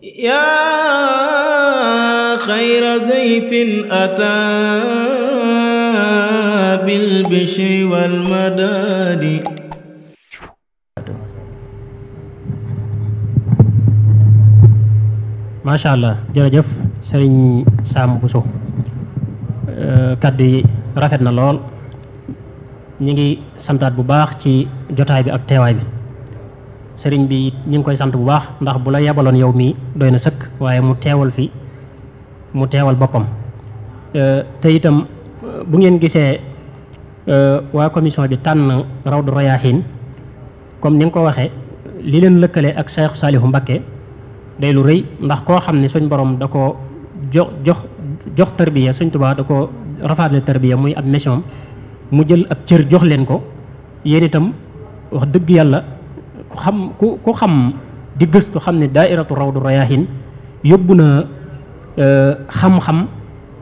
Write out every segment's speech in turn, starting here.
yaa xayra dayfin ataa bil bishri wal madaadi macha allah jërëjëf sëriñ Sam Bousso kaddu yi rafet na lool ñu ngi santaat bu baax ci jotaay bi ak teewaay bi sëriñ bi ñu ngi koy sant bu baax ndax bu la yebaloon yow mii doy na sëkk waaye mu teewal fi mu teewal boppam euh, te itam euh, bu ngeen gisee euh, waa commission bi tànn Rawdu Rayaahiin comme ni nga ko waxee li leen lëkkale ak Cheikh Saalihu Mbakke day lu rëy ndax koo xam ne suñ borom da ko jox jox jox tarbiya suñ Tuubaa da ko rafaatle tarbiya muy ab mission mu jël ab cër jox leen ko yéen itam wax dëgg yàlla ku xam ku ku xam di gëstu xam ne daairatu rawdu rayaahin yóbbu na e, xam-xam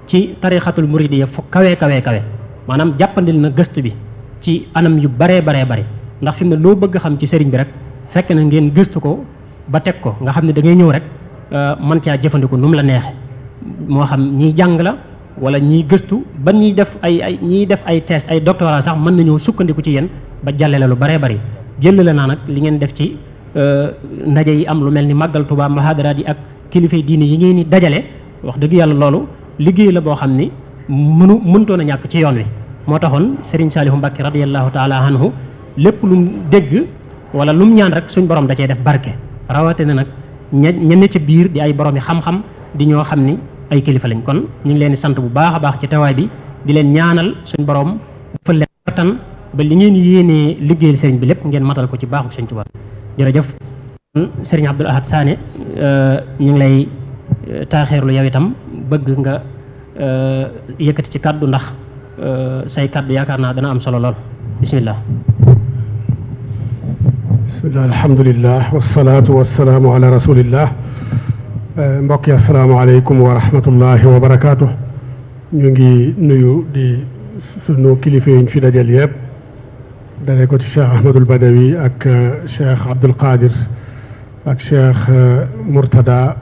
ci tarixatul muridiya fu kawe kawe kawe maanaam jàppandil na gëstu bi ci anam yu baree baree bari ndax fi mu ne loo bëgg xam ci sëriñ bi rek fekk na ngeen gëstu ko ba teg ko nga xam ne da ngay ñëw rek e, man caa jëfandiku nu mu la neexe moo xam ñiy jàng la wala ñiy gëstu ba ñiy def ay ay ñiy def ay test ay doctorat sax mën nañoo sukkandiku ci yéen ba jàlle la lu baree bari jëllale naa nag li ngeen def ci euh, ndaje yi am lu mel ni màggal Tuubaa mahadaraat yi ak kilifay diine yi ngeen di dajale wax dëgg yàlla loolu liggéey la boo xam ni mënu mëntoon a ñàkk ci yoon wi moo taxoon Serigne Saliou Mbacké radiyallahu taala anhu lépp lu mu dégg wala lu mu ñaan rek suñ borom da cee def barke rawatina nag ña ñenn ca biir di ay borom yi xam-xam di ñoo xam ni ay kilifa lañ kon ñu ngi leen di sant bu baax a baax ci tawaay bi di leen ñaanal suñ borom ba li ngeen yéenee liggéeyal sëriñ bi lépp ngeen matal ko ci baaxu sëriñ Tuubaa jërëjëf sëriñ Abdul Ahad Saane euh, ñu ngi lay euh, taaxeerlu yow itam bëgg nga euh, yëkkati ci kàddu ndax say kàddu yaakaar naa dana am solo lool bismillah bismillah alhamdulillah wasalaatu wasalaamu ala rasulillah mbokk yi asalaamaaleykum wa rahmatullahi wa barakaatu ñu ngi nuyu di sunu kilifa yuñ fi dajal dalee ko ci cheikh ahmadul badawi ak euh, cheikh abdul qadir ak cheikh euh, murtada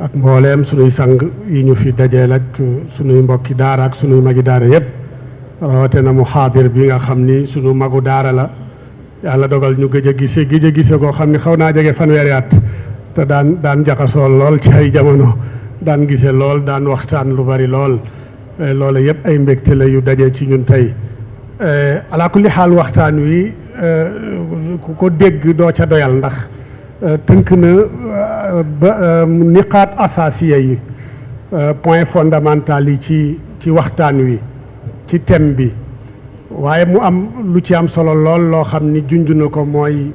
ak mbooleem sunuy sang yi ñu fi dajeel ak euh, sunuy mbokki daara ak sunuy magi daara yépp rawate na mu xaadir bi nga xam ni sunu magu daara la yàlla dogal ñu gëj a gise gëj a gise koo xam ni xaw naa jege fanweeri at te daan daan jaxasoo lool ci ay jamono daan gise lool daan waxtaan lu bari lool eh, loola yépp ay mbégte la yu daje ci ñun tey Eh, alaa kulli xaal waxtaan wi eh, ku ko dégg doo ca doyal ndax eh, tënk na ba niqaat asaasiya yi point fondamental yi ci ci waxtaan wi ci thème bi waaye mu am lu ci am solo lool loo xam ni junj na ko mooy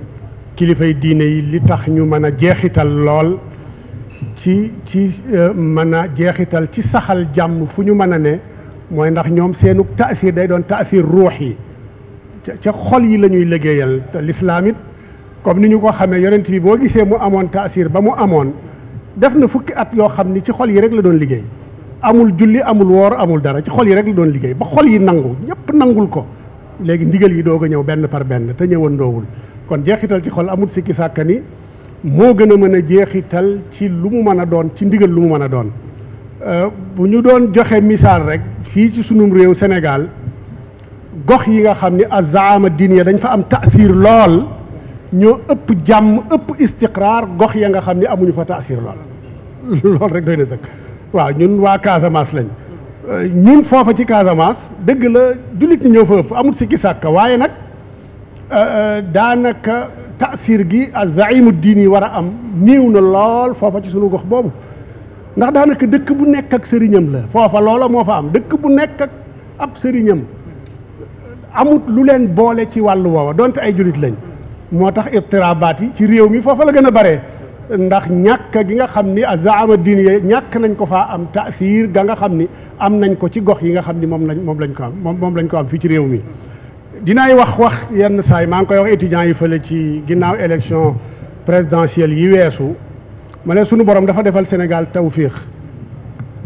kilifay diine yi li tax ñu mën a jeexital lool ci ci mën a jeexital ci saxal jàmm fu ñu mën a ne mooy ndax ñoom seenu taasir day doon taasir ruux yi ca xol yi la ñuy liggéeyal te lislaam it comme ni ñu ko xamee yonent bi boo gisee mu amoon taasir ba mu amoon def na fukki at yoo xam ni ci xol yi rek la doon liggéey amul julli amul woor amul dara ci xol yi rek la doon liggéey ba xol yi nangu ñëpp nangul ko léegi ndigal yi doog a ñëw benn par benn te ñëwandoowul kon jeexital ci xol amul sikki sàkka ni moo gën a mën a jeexital ci lu mu mën a doon ci ndigal lu mu mën a doon bu ñu doon joxe misaal rek fii ci sunu réew Sénégal gox yi nga xam ni azaama diine dañ fa am taasir lool ñoo ëpp jàmm ëpp istiqraar gox ya nga xam ni amuñu fa taasir lool lool rek doy na sëkk waaw ñun waa Casamance lañ euh, ñun foofa ci Casamance dëgg la jullit ñi ñëw fa ëpp amul sikki sàkka waaye nag euh, euh, daanaka taasir gi azaimu diine yi war a am niiw na lool foofa ci sunu gox boobu ndax daanaka dëkk bu nekk ak sëriñam la foofa loola moo fa am dëkk bu nekk ak ab sëriñam amut lu leen boole ci wàllu woowa donte ay jullit lañ moo tax ibtiraabaat yi ci réew mi foofa la gën a bare ndax ñàkk gi nga xam ni azaama diin ya ñàkk nañ ko faa am taasiir ga nga xam ni am nañ ko ci gox yi nga xam ni moom lañ moom lañ ko am moom moom lañ ko am fii ci réew mi dinaay wax wax yenn saay maa ngi koy wax étudiants yi fële ci ginnaaw élection présidentielle yi weesu ma ne sunu borom dafa defal Sénégal tawfiix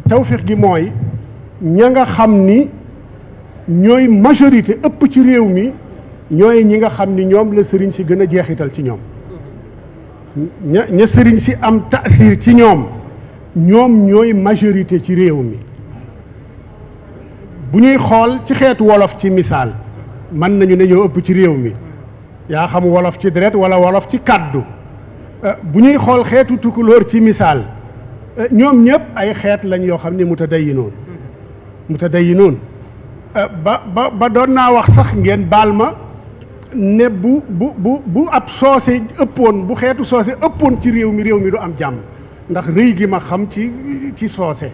tawfiix gi mooy ña nga xam ni ñooy majorité ëpp ci réew mi ñooy ñi nga xam ni ñoom la sëriñ si gën a jeexital ci ñoom ña ña sëriñ si am taasir ci ñoom ñoom ñooy majorité ci réew mi bu ñuy xool ci xeetu wolof ci misaal mën nañu ne ñoo ëpp ci réew mi yaa xam wolof ci deret walla wolof ci kàddu bu ñuy xool xeetu tukulóor ci misaal eh, ñoom ñëpp ay xeet lañ yoo xam ne mutadayyinoon mutadayyinoon eh, ba ba ba doon naa wax sax ngeen baal ma ne bu bu bu ab soose ëppoon bu xeetu soose ëppoon ci réew mi réew mi du am jàmm ndax rëy gi ma xam ci ci soose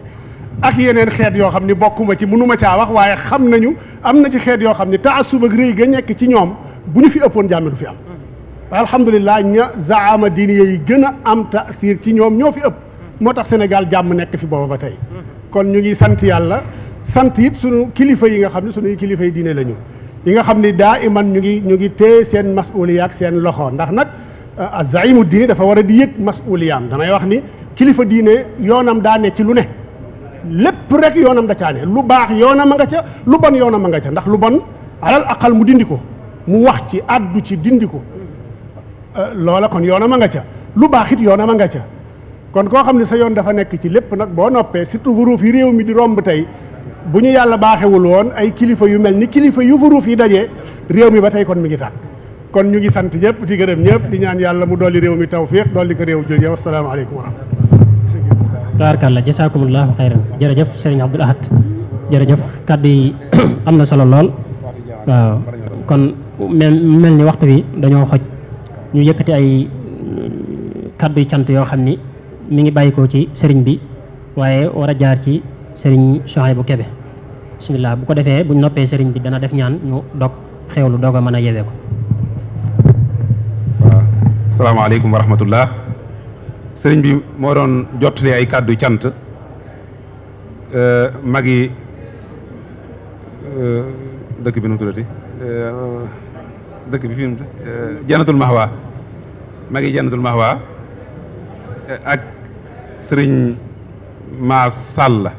ak yeneen xeet yoo xam ni bokkuma ci mënuma caa wax waaye xam nañu am na ci xeet yoo xam ni taasub ak rëy ga nekk ci ñoom bu ñu fi ëppoon jàmm du fi am alhamdulilah ña zaama diiniya yi gën a am taasir ci ñoom ñoo fi ëpp moo tax Sénégal jàmm nekk fi booba ba tey kon ñu ngi sant yàlla sant it sunu kilifa yi nga xam ne sunuy kilifa yi diine lañu yi nga xam ni daa iman ñu ngi ñu ngi téye seen masuliya ak seen loxo ndax nag euh, azaimu diine dafa war a di yëg masuliyaam damay wax ni kilifa diine yoonam daa ne ci lu ne lépp rek yoonam da caa lu baax yoonam a nga ca lu bon yoonam a nga ca ndax lu bon alal mu dindi ko mu wax ci àddu ci dindi ko Euh, loola kon yoonam a nga ca lu baax it yoonam ma nga ca kon koo xam ne sa yoon dafa nekk ci lépp nag boo noppee surtout furuuf yi réew mi di romb tey bu ñu yàlla baaxewul woon ay kilifa yu mel ni kilifa yu furuuf yi daje réew mi ba tey kon mi ngi tàkk kon ñu ngi sant ñëpp di gërëm ñëpp di ñaan yàlla mu dolli réew mi tawfiq dolli ko réew jooju asalaamaaleykum wa rahmatulah. tabaarakallah jasaakumullahu xayran jërëjëf Serigne Abdoul Ahad jërëjëf kàddu yi am na solo lool waaw kon mel mel ni waxtu bi dañoo ñu yëkkati ay kàddu cant yoo xam ni mu ngi bàyyikoo ci sëriñ bi waaye war a jaar ci sëriñ bu Kébé bisimilah bu ko defee buñ noppee sëriñ bi dana def ñaan ñu dog xew lu doog a mën a yewee ko waaw salaamaaleykum wa sëriñ bi moo doon jottali ay kàddu cant euh, magi euh, dëkk bi dëkk bi fi mu euh, janatul mahwa ma ngi janatul mahwa euh, ak sëriñ Maas Sall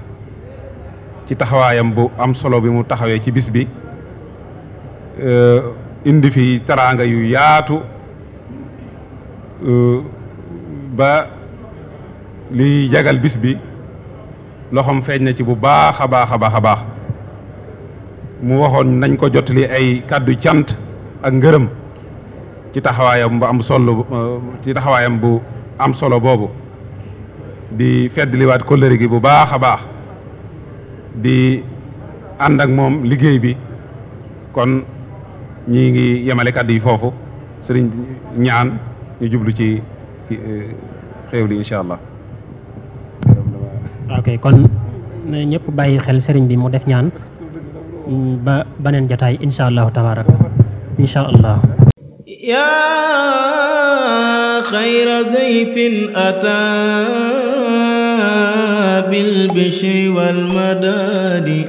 ci taxawaayam bu am solo bi mu taxawee ci bis bi euh, indi fi taraanga yu yaatu ba liy jagal bis bi loxoom feeñ na ci bu baax a baax a baax a baax mu waxoon nañ ko jottali ay kàddu cant ak ngërëm ci taxawaayam bu am solo ci taxawaayam bu am solo boobu di feddliwaat kóllëre gi bu baax a baax di àndak moom liggéey bi kon ñi ngi yemale kàddu yi foofu sëriñ ñaan ñu jublu ci ci eh, xew li incha allah. ok kon ñëpp bàyyi xel sëriñ bi mu def ñaan mm, ba beneen jataay incha allahu tabaaraka incha allah yaa xayra dayfin ataa bil bishri wal madadi